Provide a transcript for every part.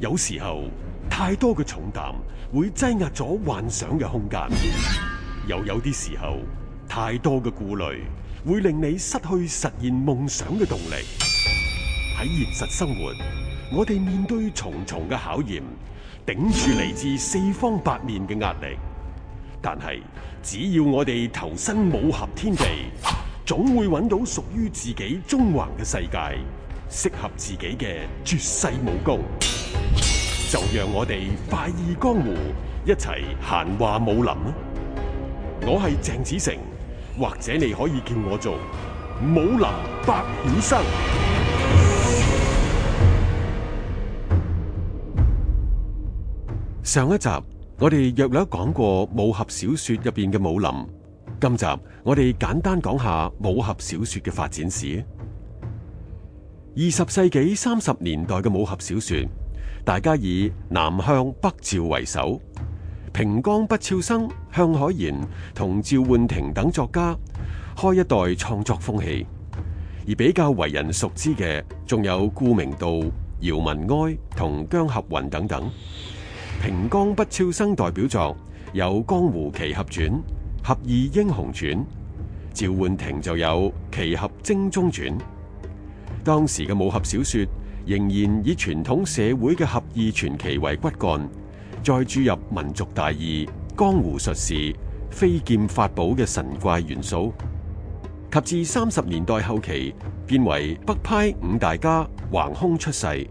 有時候太多嘅重擔會擠壓咗幻想嘅空間，又有啲時候太多嘅顧慮會令你失去實現夢想嘅動力。喺現實生活，我哋面對重重嘅考驗，頂住嚟自四方八面嘅壓力。但係只要我哋投身武俠天地，總會揾到屬於自己縱橫嘅世界。適合自己嘅絕世武功，就讓我哋快意江湖，一齊閒話武林啦！我係鄭子誠，或者你可以叫我做武林百曉生。上一集我哋約略講過武俠小說入邊嘅武林，今集我哋簡單講下武俠小說嘅發展史。二十世紀三十年代嘅武俠小說大家，以南向北趙為首，平江不肖生、向愷然同趙煥亭等作家開一代創作風氣，而比較為人熟知嘅仲有顧明道、姚文哀同姜俠雲等等。平江不肖生代表作有《江湖奇俠傳》《俠義英雄傳》，趙煥亭就有奇俠《奇俠精忠傳》。當時嘅武俠小說仍然以傳統社會嘅俠義傳奇為骨幹，再注入民族大義、江湖術士、飛劍法寶嘅神怪元素。及至三十年代後期，變為北派五大家橫空出世：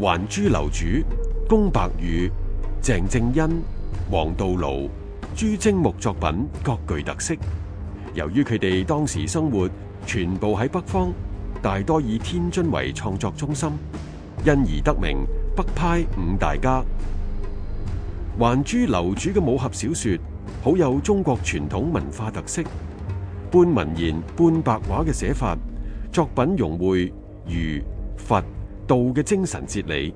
還珠樓主、宮白羽、鄭証因、王度廬、朱貞木，作品各具特色。由於佢哋當時生活全部喺北方。大多以天津為創作中心，因而得名北派五大家。還珠樓主嘅武俠小說好有中國傳統文化特色，半文言半白話嘅寫法，作品融匯儒、佛、道嘅精神哲理，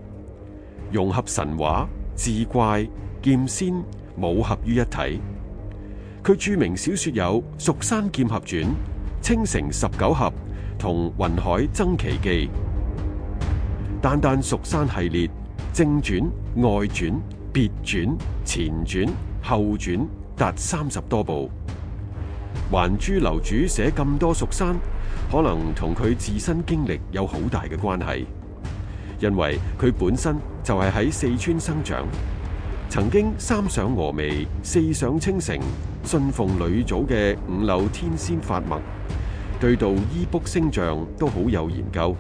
融合神話、志怪、劍仙、武俠於一體。佢著名小說有《蜀山劍俠傳》、《青城十九俠》。同《雲海爭奇記》、單單《蜀山》系列正傳、外傳、別傳、前傳、後傳達三十多部。還珠樓主寫咁多蜀山，可能同佢自身經歷有好大嘅關係，因為佢本身就係喺四川生長，曾經三上峨眉、四上青城，信奉呂祖嘅五柳天仙法脈。對道衣、卜星象都好有研究。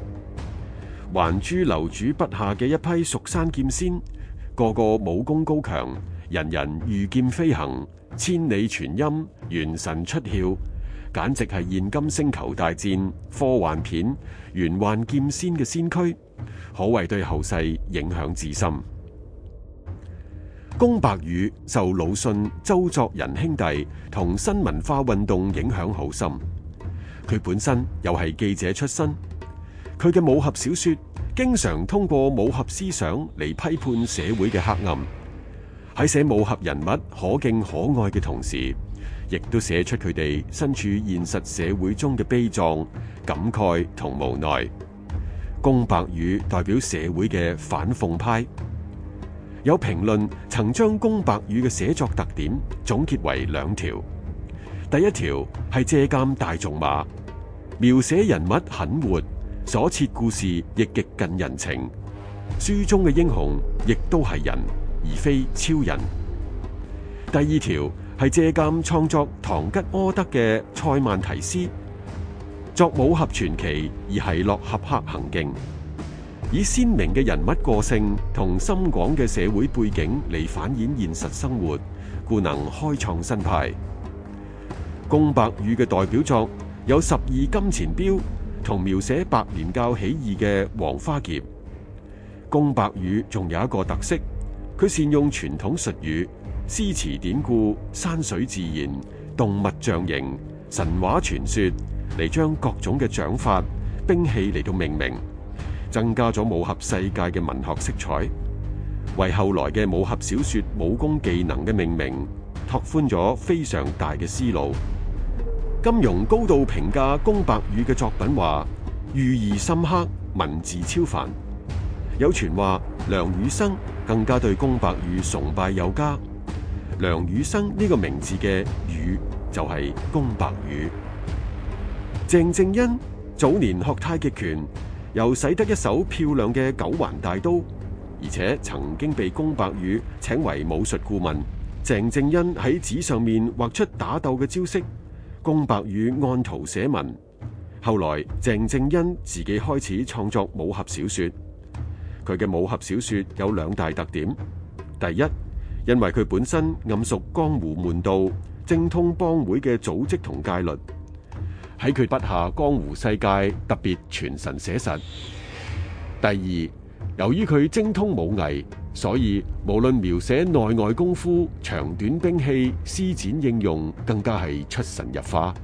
還珠樓主筆下嘅一批蜀山劍仙，個個武功高強，人人御劍飛行，千里傳音，元神出竅，簡直係現今星球大戰科幻片玄幻劍仙嘅先驅，可謂對後世影響至深。宮白羽受魯迅、周作人兄弟同新文化運動影響好深。佢本身又係記者出身，佢嘅武俠小說經常通過武俠思想嚟批判社會嘅黑暗。喺寫武俠人物可敬可愛嘅同時，亦都寫出佢哋身處現實社會中嘅悲壯、感慨同無奈。宮白羽代表社會嘅反諷派，有評論曾將宮白羽嘅寫作特點總結為兩條。第一條係借鑑大仲馬，描寫人物很活，所設故事亦極近人情。書中嘅英雄亦都係人，而非超人。第二條係借鑑創作《唐吉柯德》嘅塞萬提斯，作武俠傳奇而係洛俠客行徑，以鮮明嘅人物個性同深廣嘅社會背景嚟反映現實生活，故能開創新派。宮白羽嘅代表作有《十二金錢鏢》同描寫百年教起義嘅《黃花劫》。宮白羽仲有一個特色，佢善用傳統術語、詩詞典故、山水自然、動物象形、神話傳說嚟將各種嘅掌法、兵器嚟到命名，增加咗武俠世界嘅文學色彩，為後來嘅武俠小說武功技能嘅命名。拓寬咗非常大嘅思路。金庸高度評價宮白羽嘅作品，話寓意深刻，文字超凡。有傳話梁羽生更加對宮白羽崇拜有加。梁羽生呢個名字嘅羽就係宮白羽。鄭証因早年學太極拳，又使得一手漂亮嘅九環大刀，而且曾經被宮白羽請為武術顧問。鄭証因喺紙上面畫出打鬥嘅招式，宮白羽按圖寫文。後來鄭証因自己開始創作武俠小說。佢嘅武俠小說有兩大特點：第一，因為佢本身諳熟江湖門道，精通幫會嘅組織同戒律，喺佢筆下江湖世界特別全神寫實；第二。由於佢精通武藝，所以無論描寫內外功夫、長短兵器、施展應用，更加係出神入化。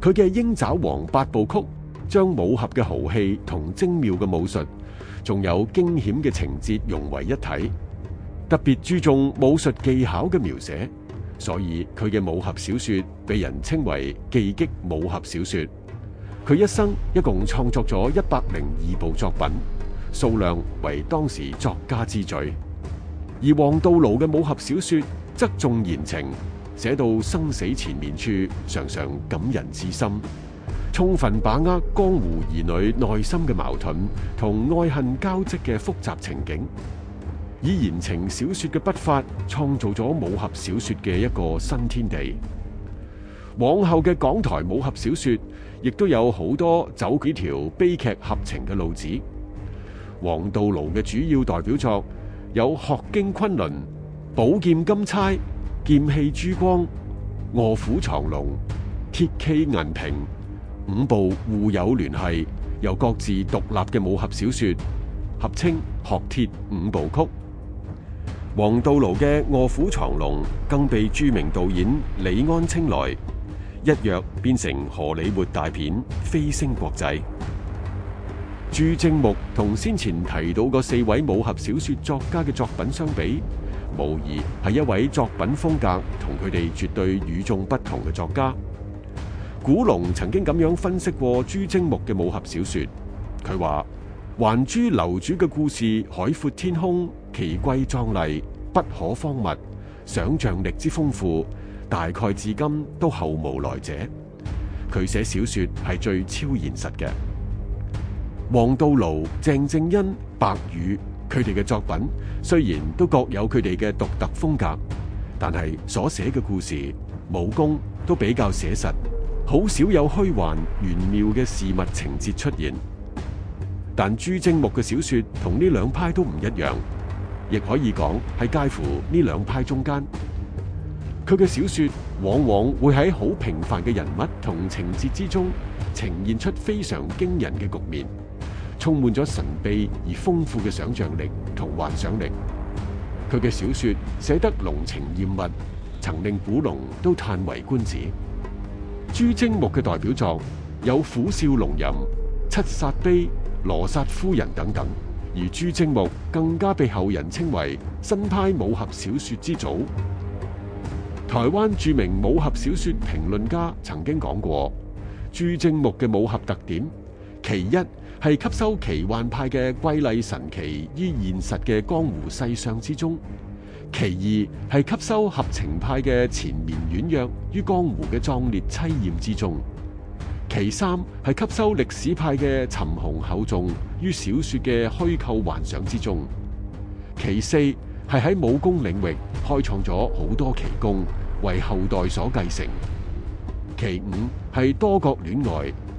佢嘅《鷹爪王》八部曲將武俠嘅豪氣同精妙嘅武術，仲有驚險嘅情節融為一體，特別注重武術技巧嘅描寫，所以佢嘅武俠小說被人稱為技擊武俠小說。佢一生一共創作咗一百零二部作品。數量為當時作家之最，而王度廬嘅武俠小說則重言情，寫到生死纏綿處，常常感人至深。充分把握江湖兒女內心嘅矛盾同愛恨交織嘅複雜情景，以言情小說嘅筆法，創造咗武俠小說嘅一個新天地。往後嘅港台武俠小說亦都有好多走幾條悲劇合情嘅路子。王度廬嘅主要代表作有《鶴驚崑崙》、《寶劍金釵》、《劍氣珠光》、《臥虎藏龍》、《鐵騎銀瓶》，五部互有聯繫又各自獨立嘅武俠小說，合稱《鶴鐵五部曲》。王度廬嘅《臥虎藏龍》更被著名導演李安青睞，一躍變成荷里活大片蜚聲國際。朱貞木同先前提到個四位武俠小說作家嘅作品相比，無疑係一位作品風格同佢哋絕對與眾不同嘅作家。古龍曾經咁樣分析過朱貞木嘅武俠小說，佢話《還珠樓主》嘅故事海闊天空，奇瑰壯麗，不可方物，想象力之豐富，大概至今都後無來者。佢寫小說係最超現實嘅。王度廬、鄭証因、白羽，佢哋嘅作品雖然都各有佢哋嘅獨特風格，但係所寫嘅故事武功都比較寫實，好少有虛幻玄妙嘅事物情節出現。但朱貞木嘅小說同呢兩派都唔一樣，亦可以講係介乎呢兩派中間。佢嘅小說往往會喺好平凡嘅人物同情節之中，呈現出非常驚人嘅局面。充滿咗神秘而豐富嘅想象力同幻想力，佢嘅小說寫得濃情艷物，曾令古龍都嘆為觀止。朱貞木嘅代表作有《虎嘯龍吟》《七殺碑》《羅剎夫人》等等，而朱貞木更加被後人稱為新派武俠小說之祖。台灣著名武俠小說評論家曾經講過，朱貞木嘅武俠特點，其一，係吸收奇幻派嘅瑰麗神奇於現實嘅江湖世相之中；其二係吸收俠情派嘅纏綿軟弱於江湖嘅壯烈凄艷之中；其三係吸收歷史派嘅沉雄厚重於小說嘅虛構幻想之中；其四係喺武功領域開創咗好多奇功為後代所繼承；其五係多角戀愛。